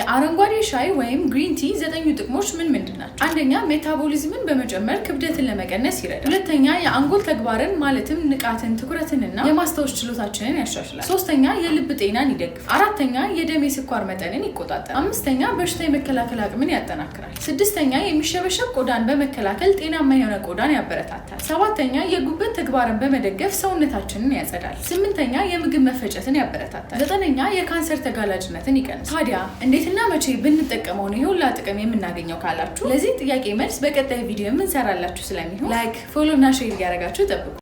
የአረንጓዴ ሻይ ወይም ግሪን ቲ ዘጠኙ ጥቅሞች ምን ምንድን ናቸው? አንደኛ ሜታቦሊዝምን በመጨመር ክብደትን ለመቀነስ ይረዳል። ሁለተኛ የአንጎል ተግባርን ማለትም ንቃትን፣ ትኩረትንና የማስታወስ ችሎታችንን ያሻሽላል። ሶስተኛ የልብ ጤናን ይደግፋል። አራተኛ የደም የስኳር መጠንን ይቆጣጠራል። አምስተኛ በሽታ የመከላከል አቅምን ያጠናክራል። ስድስተኛ የሚሸበሸብ ቆዳን በመከላከል ጤናማ የሆነ ቆዳን ያበረታታል። ሰባተኛ የጉበት ተግባርን በመደገፍ ሰውነታችንን ያጸዳል። ስምንተኛ የምግብ መፈጨትን ያበረታታል። ዘጠነኛ የካንሰር ተጋላጭነትን ይቀንሳል። ታዲያ እንዴት እንዴትና መቼ ብንጠቀመው ነው የሁላ ጥቅም የምናገኘው ካላችሁ ለዚህ ጥያቄ መልስ በቀጣይ ቪዲዮ የምንሰራላችሁ ስለሚሆን ላይክ፣ ፎሎ እና ሼር እያደረጋችሁ ጠብቁ።